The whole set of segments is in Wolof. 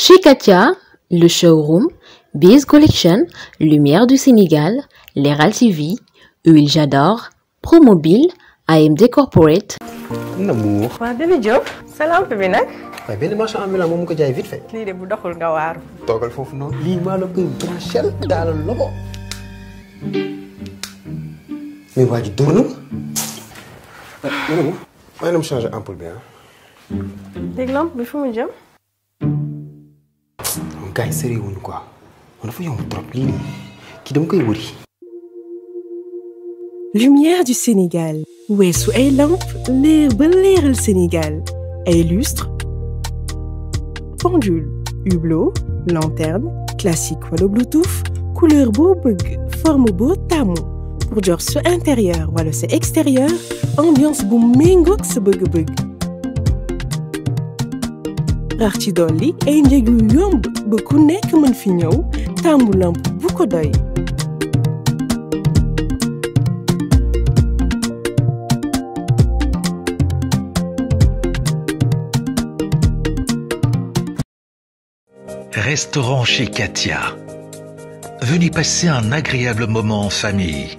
Chez le showroom, Biz Collection, Lumière du Sénégal, Leral TV, Huile J'adore, Promobile, AMD Corporate. Namour. waaw bébé Diop. sa lampe bi nag. waaye benn marchand ambulant moom jaay vite fait. lii de bu doxul nga waaru. toogal foofu noonu. lii maa la koy branché daal loxo. mais waa ji dóor na ma. ma ne ma. maa ngi leen di changé ampoule bi ah. léegi lampe bi fu mu gars yi soriwuñu quoi man dafa yomb trop lii nii kii dama Sénégal weesu ay ba leeral pendule hublot lanterne classique wala bluetooth couleur boo bëgg forme boo tàmmu pour jox sa intérieur wala sa ambiance bu méngoog sa bëgg rax ci dolli ay njëg yu fi ñëw taamu lamp bu ko doy. Restaurant chez Katia. Venez passer un agréable moment en famille.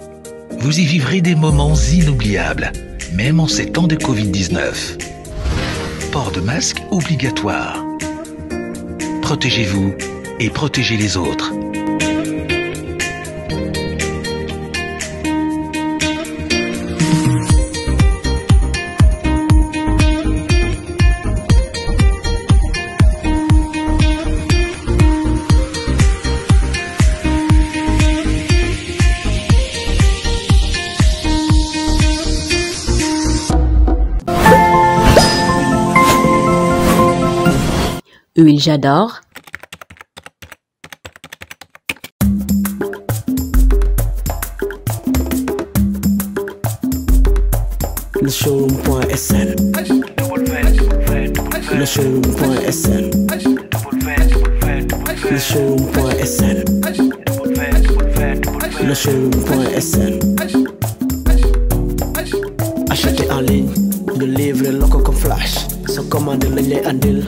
Vous y vivrez des moments inoubliables, même en ces temps de Covid-19. port de masque obligatoire. Protégez-vous et protégez les autres. Huile j'adore. Le showroom.sn Le showroom.sn Le showroom.sn Le showroom.sn Acheter en ligne, de livrer loco comme flash, sa commande lañ lay andil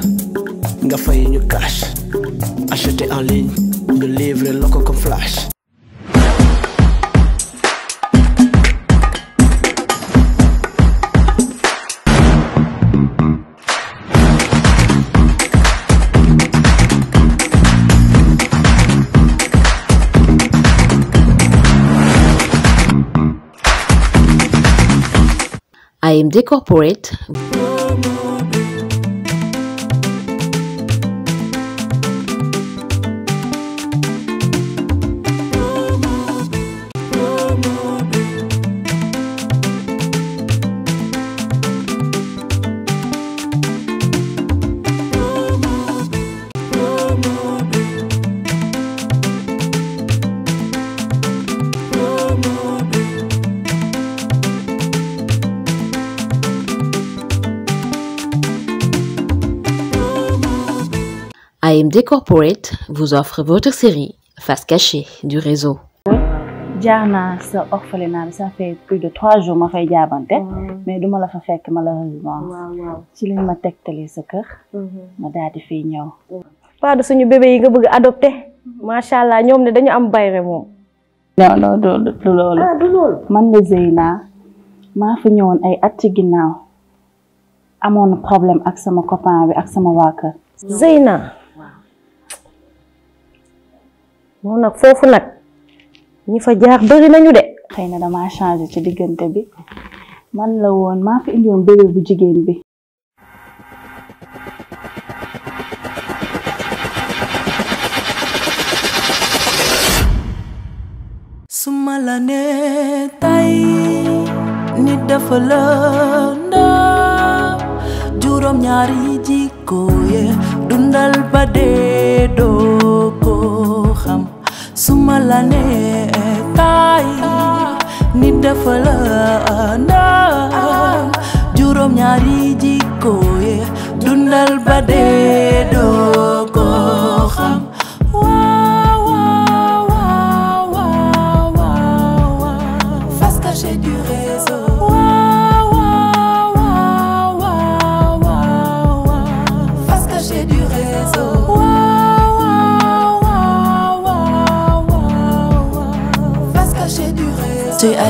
nga fay ñu cash acheter en ligne flash. I am Decorporate. AMD Corporate vous offre votre série Face cachée du réseau. jaar naa sa orphelinat plus de trois jours ma fay jaabante. mais duma la fa fekk malheureusement. si lañ ma tegtalee sa kër. Mhm. ma daal di fiy ñëw. Fadou suñu bébé nga bëgg adopté macha allah ñoom ne dañu am bayre moom. non non du ah, man la Zeyna maa fi ñëwoon ay at ci ginnaaw amoon problème ak sama copain bi ak sama waa kër. moom nag foofu nag ñi fa jaar bëri nañu de. xëy na damaa changé ci diggante bi man la woon maa fi indi woon jigéen bi. su ma la nee tay nit dafa la juróom ñaari jikko ye dundal ba dee doo ma la ne tay nit dafa la naan juróom ñaari jikko ye dundal ba dee doo ko xam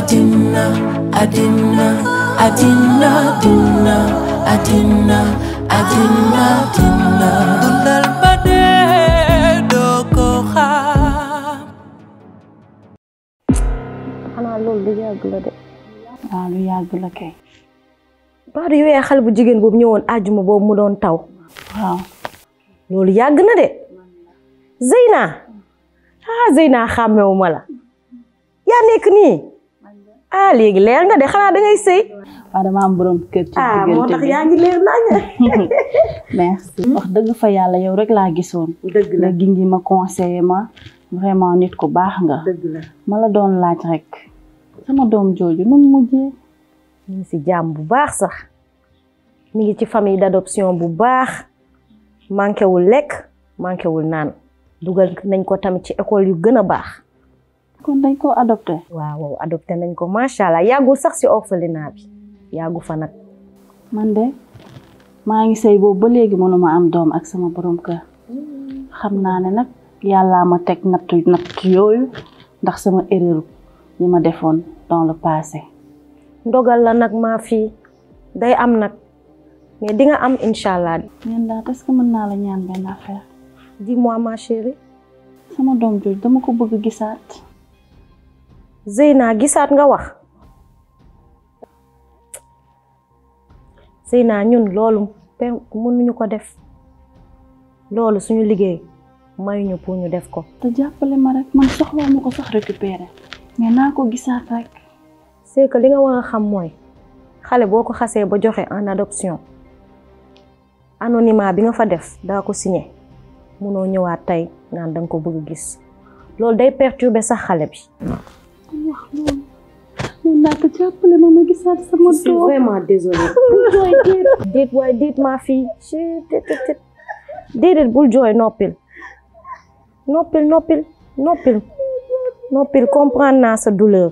adinna adinna adinna dinna adinna adinna dinna dundal ba dee doo ko xam xanaa loolu lu yàgg la de waaw ah, lu yàgg la kay baadu yooyee xale bu jigéen boobu ñëwoon àjjuma boobu mu doon taw waaw loolu yàgg na de Zeyna ah Zeyna xàmmewu ma la yaa nekk nii ah léegi leer nga de xanaa da sëy. am borom ah, moo tax yaa ngi leer naa merci wax dëgg fa yàlla yow rek laa gisoon. dëgg la gi ngi ma conseillé ma vraiment nit ku baax nga. dëgg la ma la doon laaj rek. sama doom jooju nu mujjee. mi ngi si jàmm bu baax sax mi ngi ci famille d'adoption bu baax manqué wul lekk manqué wul naan dugal nañ ko tamit ci école yu gën a baax. kon dañ koo adopté. waaw adopté nañ ko macha allah yàggul sax si orphelinat bi yàggu fa nag. man de maa ngi sëy boobu ba léegi mënuma am doom ak sama borom kër xam naa ne nag yàllaa ma teg nattu nattu yooyu ndax sama erreur yi ma defoon dans le passé. ndogal la nag ma fi day am nag mais di nga am incha allah. ñaan daal est-ce ma chérie. sama doom jooju dama ko bëgg gisaat. Zeyna gisaat nga wax Zeyna ñun loolu mënuñu ko def loolu suñu liggéey mayuñu pour ñu def ko. te jàppale ma rek man soxla ma ko sax récupérer mais naa ko gisaat rek. c'est li nga war a xam mooy xale boo ko xasee ba joxe en adoption anonymat bi nga fa def daa ko signé munoo ñëwaat tey naan da ko bëgg gis loolu day perturber sax xale bi. naa ko jàppale ma ma gisaat sama doom. c'est vraiment désolé. bul jooy déet déet waaye déet maa fii déedéet bul jooy noppil noppil noppil noppil noppil comprendre naa sa douleur.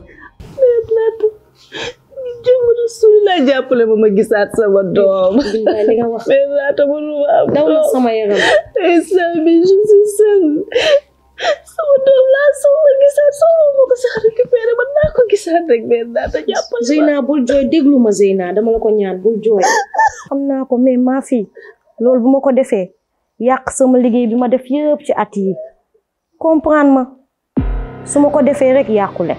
jëmm suul la jàppale ma ma gisaat sama doom. li nga wax mais laata ma sama yaram. je suis seule. sama doom laa soxla gisaat soxla moo ko sax récupéré man naa ko gisaat rek mais naa ta jàppale Zeyna bul jooy déglu ma Zeyna dama la ko ñaan bul jooy xam naa ko mais maa fii loolu bu ma ko defee yàq sama liggéey bi ma def yëpp ci at yi comprendre ma su ma ko defee rek yàqule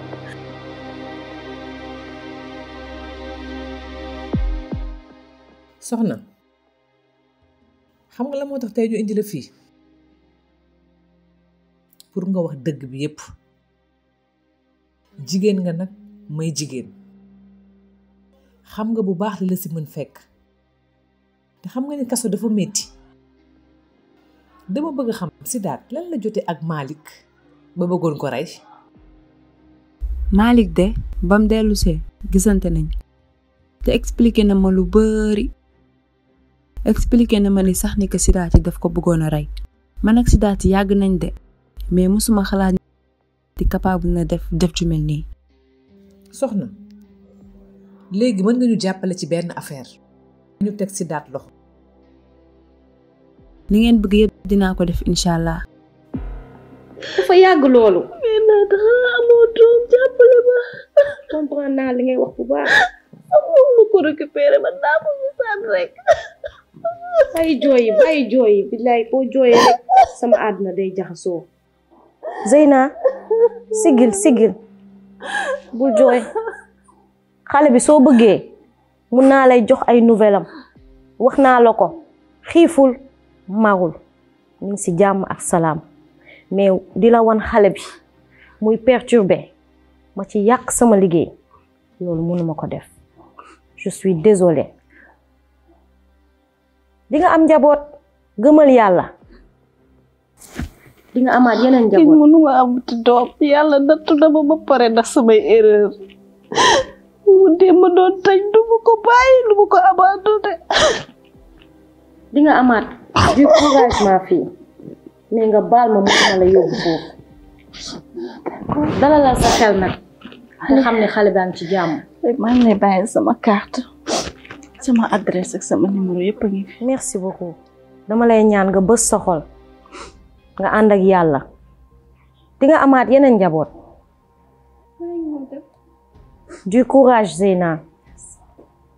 soxna xam nga la moo tax tey ñu indi la fii pour nga wax dëgg bi yépp jigéen nga nag may jigéen xam nga bu baax li la si mën fekk te xam nga ni kaso dafa metti dama bëgg xam si daat lan la jote ak Malick ba bëggoon ko rey Malick de bam dellusee gisante nañ te expliqué na ma lu bari expliqué na ma li sax ni que Sidaati daf ko bëggoon a rey man ak Sidaati yàgg nañ de mais mosuma xalaat di na def def ju mel nii. soxna léegi mën nga ñu jàppale ci benn affaire. ñu teg si daat lox li ngeen bëgg yëpp dinaa ko def incha allah. dafa yàgg loolu. mais naata xanaa amoo jàppale ma. comprendre naa li ngay wax bu baax. amoo ma ko récupéré man naa ko gisaan rek. bàyyi jooyi bàyyi jooyi billaay boo jooyee sama àdduna day jaxasoo. Zeyna sigil sigil bul jooy xale bi soo bëggee mun naa lay jox ay nouvelle wax naa la ko xiiful magul mi ngi si jàmm ak salaam mais di la wan xale bi muy perturbé ma ci yàq sama liggéey loolu mënuma ko def je suis di nga am njaboot gëmal yàlla di amaat yeneen njaboot mënu ma amati doom yàlla nattu na ma ba pare ndax samay erreur mu dee ma doon tañ ko bàyyi du ma ko abandonné di nga amaat di couragement fii mais nga baal ma mën na a yóbbu foofu dalalal sa xel nag xam ne xale baa ngi ci jàmm maa ngi lay bàyyi sama carte sama adresse ak sama numéro yëpp a ngi merci beaucoup dama lay ñaan nga bës sa nga ànd ak yàlla di nga amaat yeneen njaboot du courage Zeyna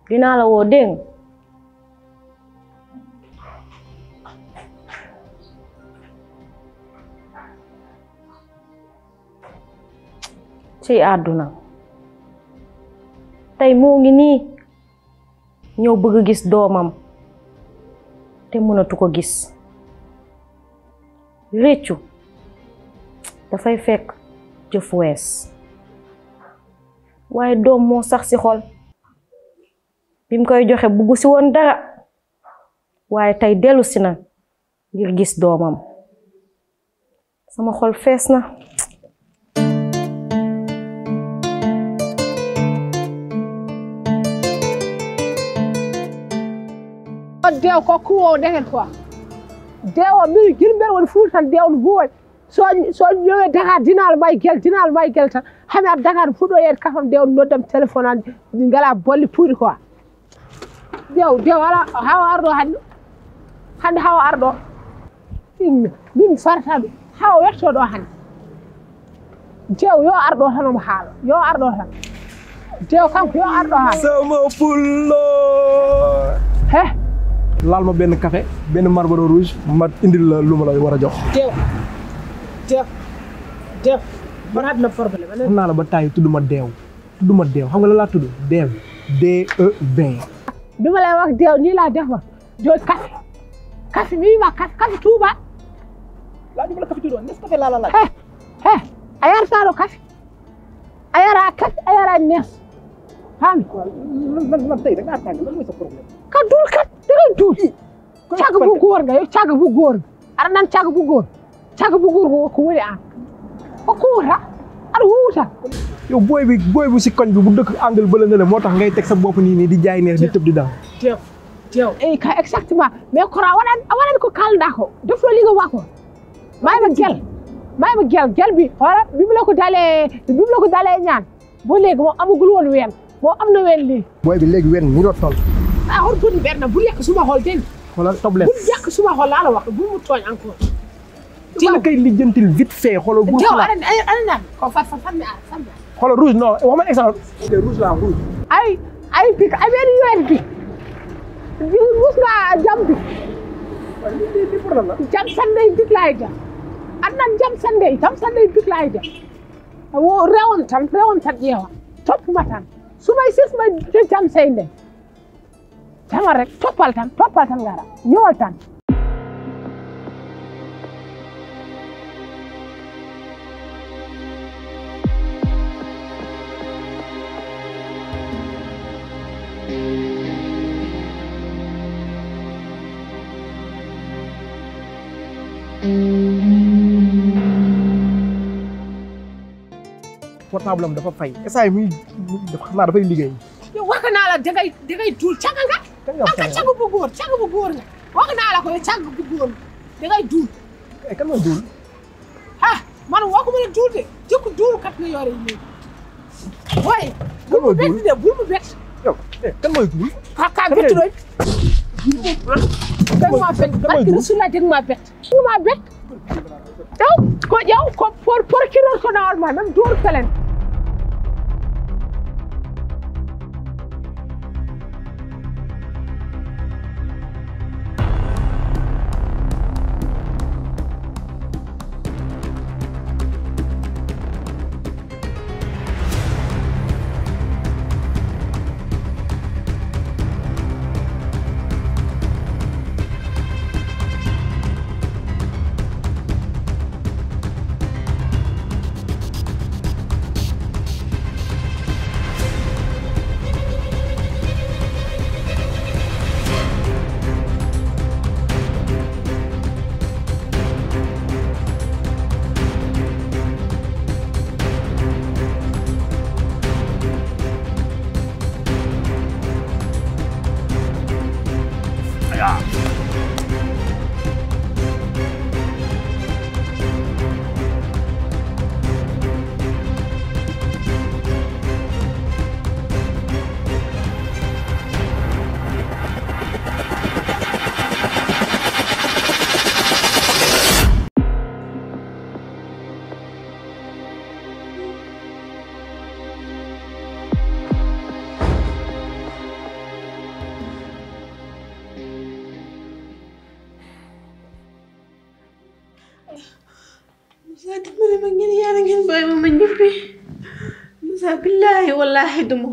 dinaa la woo dégg ci àdduna tey moo ngi nii ñëw bëgg gis doomam te mënatu ko gis réccu dafay fekk jëf wees waaye doom moo sax si xol bim mu koy joxe bugg ci woon dara waaye tey dellusi si na ngir gis doomam sama xol fees na deew ko kuwoo dexet quoi deewo mbiɗo gilmbeɗe woni fuuta tan dewno huwoy so so ñowe dakar dinaalo ma gel dinaalo ma gel tan hami ar dakar fuɗɗo yeede kafam dewno noddam téléphone an ngala bolle puuɗi quoi dew dew ala hawa arɗo hannde hannde hawa arɗo min farata ɗum hawa wetto ɗo hannde dew yo arɗo tan omo haala yo arɗo tan dew kanko yo arɗo haala somo laal ma benn café benn Marlboro rouge ma indil la lu la war a jox. teew teew teew naa la ba tàyyi tudd ma deew tudd ma deew xam nga la tudd deew D E V. bi ma lay deew nii laa def ma jooy kafe kafe tuuba. laajuma la kafe tuuba kafe laa la laaj. eh ka dul ka koy tuuti. càgg bu góor nga yow càgg bu góor aɗa nan càgg bu góor càgg bu góor ko ah. ko woni an ko wuta aɗa wuta yow booy bi booy bu si koñ bi bu dëkk angle bële moo tax ngay teg sa bopp nii nii di jaay neex di tëb di daal teew teew eyi eh, ka exactement mais koro a waɗani a waɗani ko kalɗa ko deflo liga wako mayma gel gel gel bi hola bimla ko dale bimla ko dale ñaan bo woon ween moom am na ween lii booy bi léegi ween ni doot ah war bëri benn bu yàq suma xol dégg nga. xoolal problème bu yàq suma xol laa la wax bu mu tooñ encore. ci la koy ko fan ah, fan fan fan. xoolal ay ay ay benn yooyu bi. bi la jam bi. waaw li li la. jam jam. an jam sanday jam sanday big laay jam. woo rewoon tan rewoon tan yeewa topp ma tan su may jam say ndey. demal rek toppal tan toppal tan gaara ñëwal tan portable dafa fay. essai muy dafa xam naa dafay liggéey. yow wax naa la dangay dangay duul càkk nga. kan nga wax càgg bu góor càgg bu góor nga wax naa la ko càgg bu góor da ngay duul. Eh, kan nga duul. ah man woo ko mën a duul de jikko duul kat nga yore léegi. mu bett de bul mu bett. yow eh, kan mooy duul. ah kaa bett doon. kan maa bett barki Rasulullah dégg maa bett. maa bett. yow ko yow ko procureur ko naawal ma même duul felen.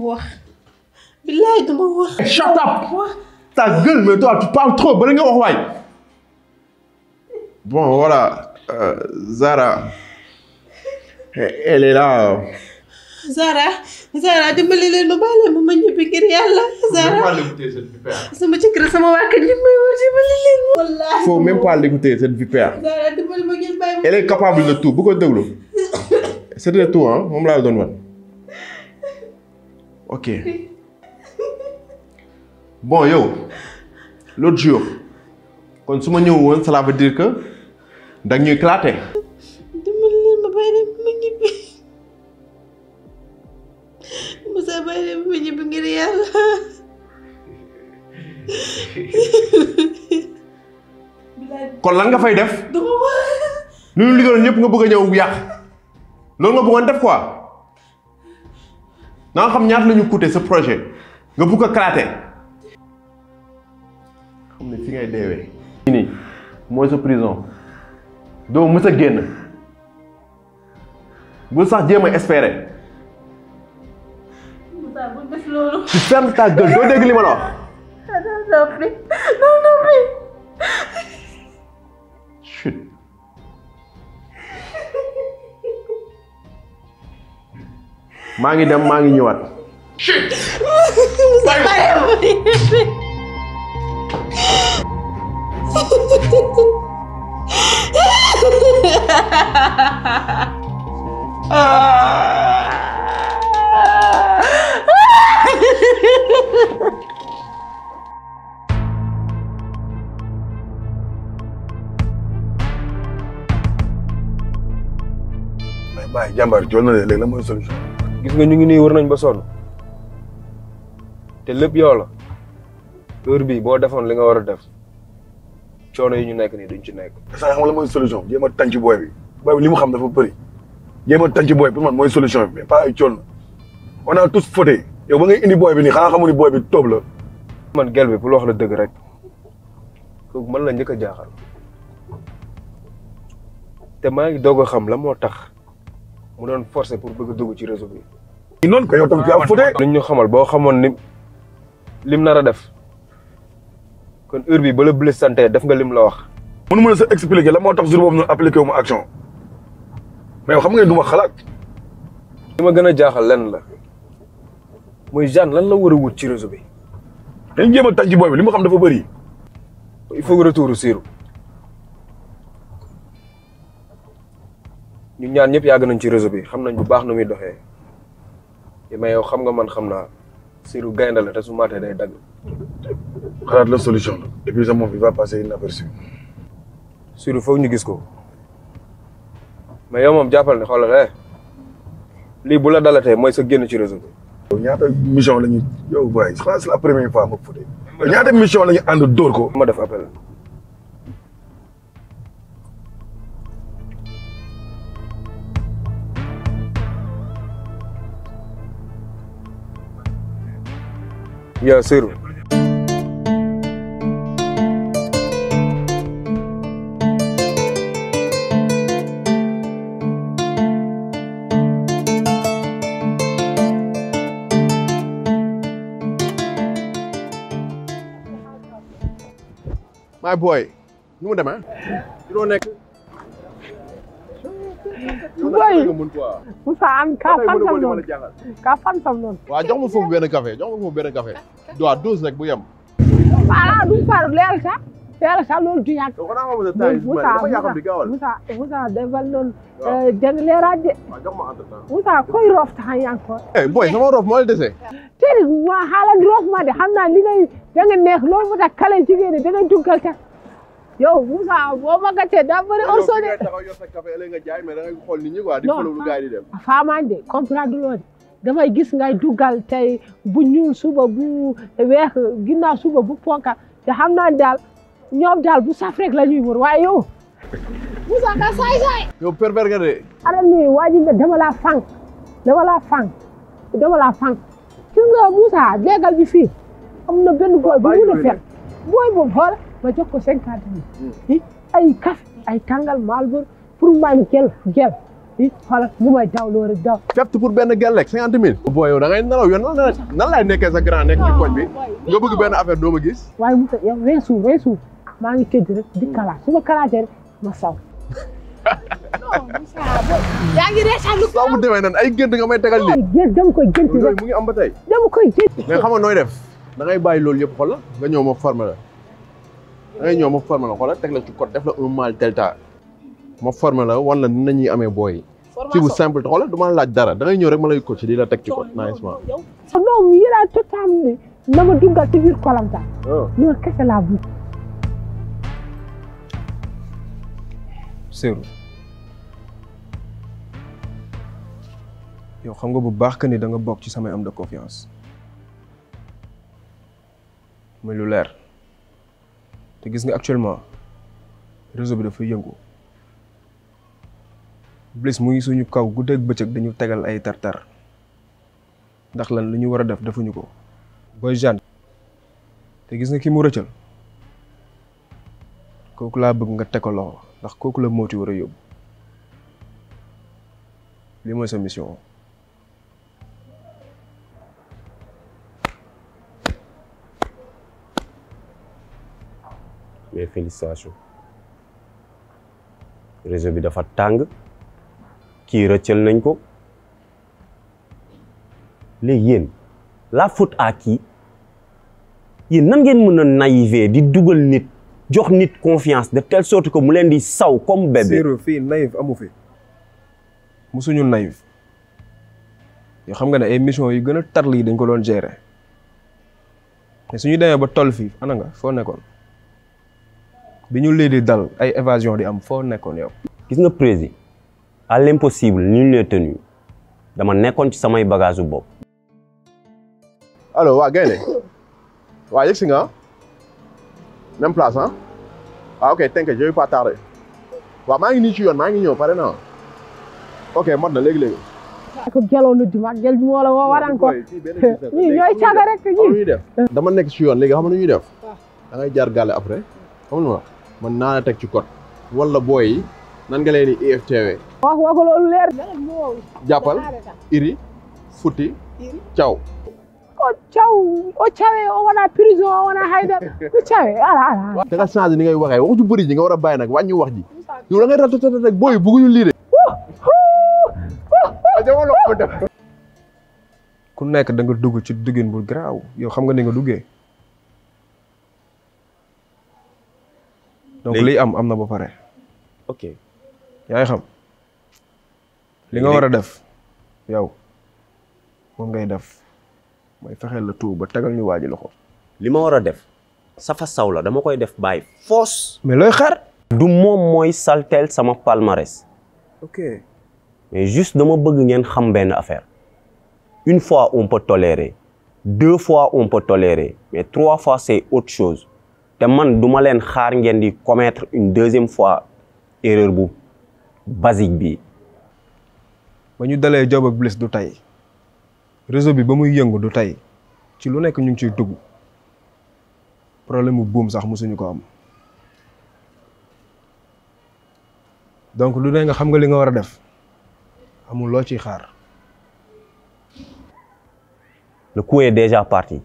wax. billaay dama wax. shut up ta gueule mais toi tu parles trop bari nga wax waay. bon voilà euh, Zara eh, elle Zara Zara dimbali leen ma baale ma ma ñibbi ngir yàlla. Zara sama jëkkër sama waa kër ñu may woo leen ma. wallaahi faut même pas l'écouter Zara dimbali ma ngeen bàyyi ma. elle capable de tout bu ko déglu. c'est tout hein moom laa doon wan. ok bon yow l'autre jour kon su ma ñëw woon cela veut dire que danga ñuy éclater. dimbali leen ma bàyyi leen ma ñibbi Moussa ñibbi ngir yàlla. kon lan nga fay def. lu ñu liggéeyoon ñëpp nga bëgg a ñëw yàq loolu nga bëggoon def quoi. na xam ñaat lañu ñu coûté projet nga bugg a claté xam ne fi ngay deewee nii mooy sa prison doo mës a génn bul sax jéem a espérer tu fermes ta gueule doo dégg li ma la wax chut maa ngi dem maa ngi ñëwaat. waaw jàmbaar jooju na léegi la mooy solution. gis nga ñu ngi nii wër nañ ba sonn te lépp yow la heure bii boo defoon li nga war a def coono yi ñu nekk nii duñ ci nekk. saa xam la mooy solution jéem a tànc booy bi booy bi li mu xam dafa bëri jéem a tànc booy pour man mooy solution bi mais pas ay coono on a tous fauté yow ba ngay indi booy bi ni xanaa xamu ni booy bi toob la. man gel bi pour wax la dëgg rek kooku man la njëkk a jaaxal te maa ngi doog a xam la moo tax. mu doon forcé pour bëgg a dugg ci réseau bi. noonu ko yow tam fi am fu dee. ñu xamal boo xamoon ni lim nar a def kon heure bi bala blessé santé def nga lim la wax. mënu ma la sa expliquer la moo tax jour boobu noonu appliqué wu ma action mais xam nga duma xalaat. li ma gën a jaaxal lenn la mooy Jeanne lan la war a wut ci réseau bi. dañ jéem a tànc booy bi li ma xam dafa bëri. il faut retour Sirou. ñu ñaan ñëpp yàgg nañ ci réseau bi xam nañ bu baax na muy doxee mais yow xam nga man xam naa Sirou gaynde la te su maatee day dagg. xalaat la solution la et puis bi va passer inaperçu. Sirou foog ñu gis ko mais yow moom jàppal ne xoolal eh, lii bu la dalatee mooy sa génn ci réseau bi. yow ñaata mission la ñu yow booy xanaa c'est la première fois ma fu dee ñaata mission la ñu ànd dóor ko. ma def appel. Yeah, zero. My boy, nu mu waaye Moussa am kaa fansam noonu kaa fansam jox ma foofu benn café jox ma foofu benn café. waaw douze rek bu yem. voilà du far leel sax leel sax loolu du koy roof tax a yaa ngi sama roof moo dese. tey de ma xaaral ma de xam naa li ngay neex loolu moo tax kale jigéen da nga duggal yaw Moussa boo ma gàccee daa bëri orso de. yow yor sa café nga jaay mais da xool nit ñi quoi. di xool lu gaay de comprendre loo damay gis ngay dugal tey bu ñuul suba bu weex ginnaaw suba bu ponka te xam daal ñoom daal bu saf la ñuy wër waaye yow. Moussa ka saay saay. yow pervers nga de. ala mi waa ji nga fang dama fang dama laa fang ci nga Moussa léegal bi fii am na benn góor bu mun ma jox ko cinquante mille mm. ay café ay tàngal Malboro pour man gel gel i mu may daw loolu daw fefte pour benn gel rek cinquante mille oh boo yow da ngay nelaw yow nan nan laay nekkee sa grand nekk oh nga bëgg benn affaire doo gis waaye Moussa yow weesu weesu maa ngi tëdd di kalaat su ma kalaatee rek ma saw yaa ngi reetaan lu ko demee noonu ay gént nga may tegal lii gént dama koy gént mu ngi am ba tey dama koy gént mais xam nooy def da ngay bàyyi loolu yëpp xoolal nga ñëw ma formé la dangay ñëw ma formé la xoolal teg la ci code def la un mal delta ma formé la wan la ni nañuy amee booy ci bu simple te xoolal du laaj dara dangay ñëw rek ma lay coach di la teg ci code nice man ah non yéen totalement na ma duggal ci biir Kolamta oh. loolu kese laa bëgg Serou yow xam nga bu baax que ni danga bokk ci samay am de confiance muy lu leer te gis nga actuellement réseau bi dafa yëngu Bliss mu ngi suñu kaw guddeeg bëccëg dañu tegal ay tartar ndax lan lu ñu war a def defuñu ko booy Jeanne te gis nga ki mu rëccal kooku laa bëgg nga teg ko loxo ndax kooku la mooti war a yóbbu li mooy sa mais réseau bi dafa tàng kii rëccal nañ ko léegi yéen la faute à qui yéen nan ngeen mën a naïve di dugal nit jox nit confiance de telle sorte ko mu leen di saw comme bébé. Sirou fii naïf amu fi musuñu naïf yoo xam nga ne ay mission yu gën a tar lii dañ ko doon gérer mais suñu demee ba tol fii ana nga nekkoon. bi ñu lii di dal ay évasion di am foo nekkoon yow. gis nga président à l'impossible nul n'est tenu dama nekkoon ci samay bagage su bopp. allo waa Gaynde waa yëg si nga même place ah ok thank you je vais pas maa ngi nii ci yoon maa ngi ñëw pare na ok mot na léegi léegi. ko gëloon na dimbali gël bi moo la woo war ñooy caga rek ñii. dama nekk ci yoon léegi xam nga nu ñuy def da ngay jaar gàlle après xam nga man naa teg ci code wala booy yi nan nga leen di IFTV. E wax wax jàppal iri futi caw. o caw o cawee o wona prison o wona haydar ko cawee ala nga changé ni ngay waxee wax ju bëri ji nga war a bàyyi nag wàññi wax ji yow da ngay rek booy bëgguñu lii ku nekk da nga dugg ci duggin bu garaaw yow xam nga ni nga duggee donc liy am am na ba pare. ok yaay xam. li nga war a def yow moom ngay def mooy fexeel la tuub ba tegal ñu waaji loxo. li ma war a def safa saw la dama koy def bàyyi foos. mais looy xaar. du moom mooy salteel sama palmarès. ok mais juste dama bëgg ngeen xam benn affaire une fois on peut tolérer deux fois on peut tolérer mais trois fois c'est autre chose. te man du leen xaar ngeen di commettre une deuxième fois erreur bu basique bi ba ñu dalee Job ak Bliss du tey réseau bi ba muy yëngu du tey ci lu nekk ñu ngi ciy dugg problème bu buum sax mosuñu ko am donc lu ne nga xam nga li nga war a def amul loo ciy xaar le coup est déjà parti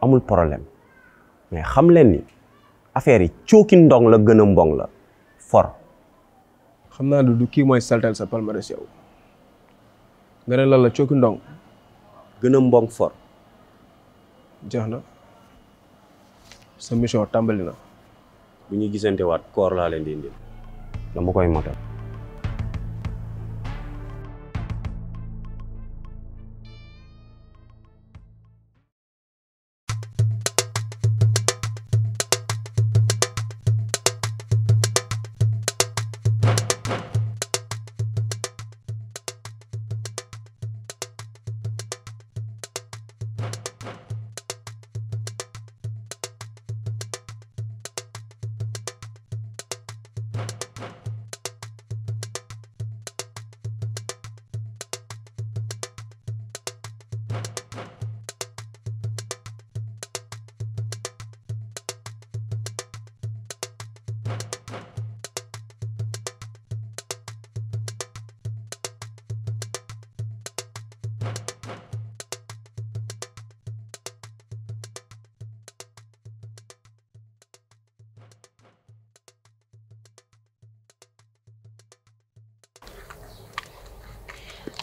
amul problème mais xam leen ni affaire yi cooki ndong la gën a mbong la for xam naa du kii mooy saltal sa palmarès yow nga ne lan la cooki ndong gën a mbong for jeex na sa mission tàmbali na bu ñu gisante waat koor laa leen di indil dama koy motal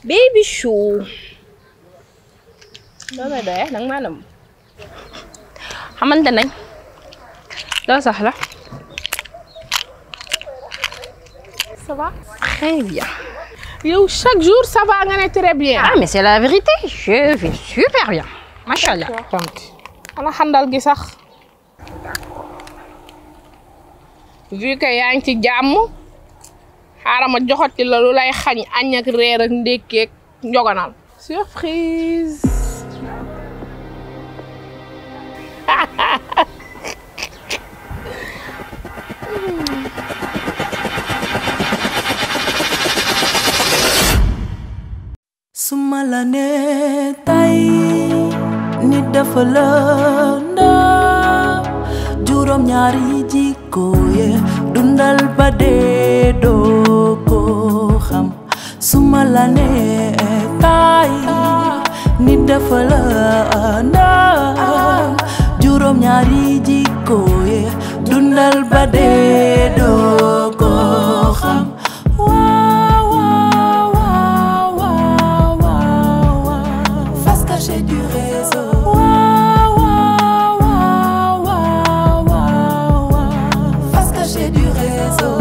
baby shoe loo may doyee nag maa nam xamante nañ loo yow chaque jour ça va nga ne très bien ah mais c'est la vérité je vais super bien macha allah ana xandal gi sax vu que yaa ngi ci jàmm xaaral ma joxati la lu lay xañ reer ak ndékkeeg ma la ne tay nit dafa la ndax juróom ñaari jikko ye dundal ba dee doo ko su ma la ne tay nit dafa la ndax juróom ñaari jikko ye dundal ba dee doo ko j'ai du réseau.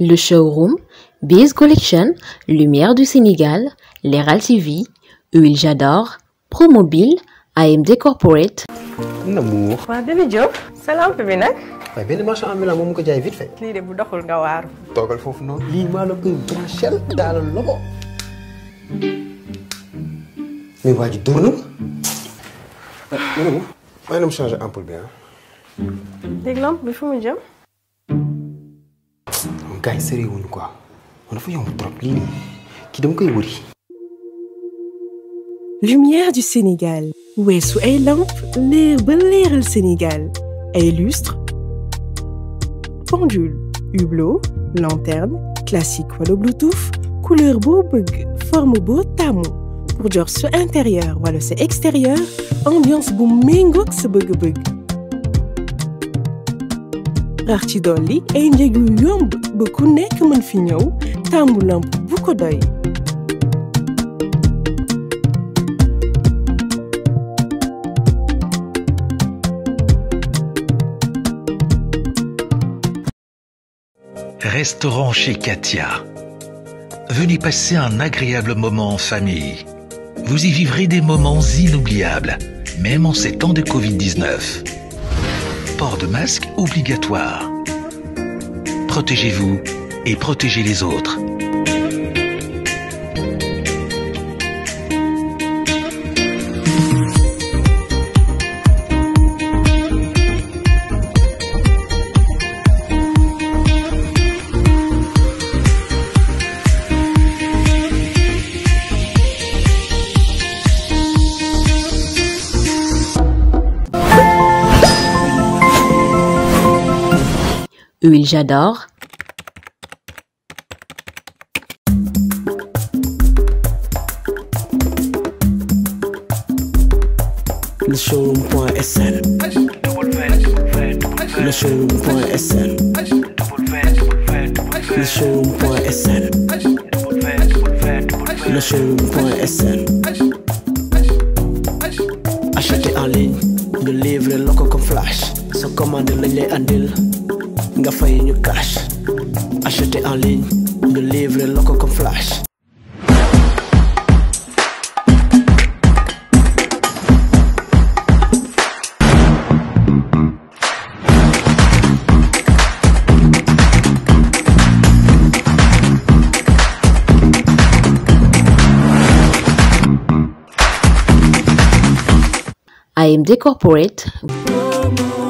le showroom. Biz Collection, Lumière du Sénégal, L'Eral TV, Huile J'adore, Promobile, AMD Corporate. Namour. waaw bébé Diop. sa lampe bi nag. waaye benn marchand ambulant moom mu ko jaay vite fait. lii de bu doxul nga waaru. toogal foofu noonu. lii maa la koy branchel. daal loxo. mais waa ji dóor na bi ah. léegi lampe bi fu mu jëm. gars yi sëree wuñu quoi man dafa yomb trop lii nii kii dama koy wëri. Lumière du Sénégal. weesu ay lamp leer ba Sénégal ay lustre pendule hublot lanterne classique wala bluetooth couleur boo bëgg forme boo tàmmu pour jox sa intérieur wala sa extérieur ambiance bu méngoog sa bëgg-bëgg rax ci dolli ay njëg yu yomb ba ku nekk fi ñëw tàmmu lamp bu ko restaurant chez Katia. Venez passer un agréable moment en famille. Vous y vivrez des moments inoubliables, même en ces temps de Covid-19. Port de masque obligatoire. Protégez-vous et protégez les autres. j'adore. Le showroom.sn Le showroom.sn Le showroom.sn Le showroom.sn Achetez en ligne, nous livrer loco comme flash. Sans commander, le lait nga fay ñu cash acheter en ligne ñu flash. I am Decorporate.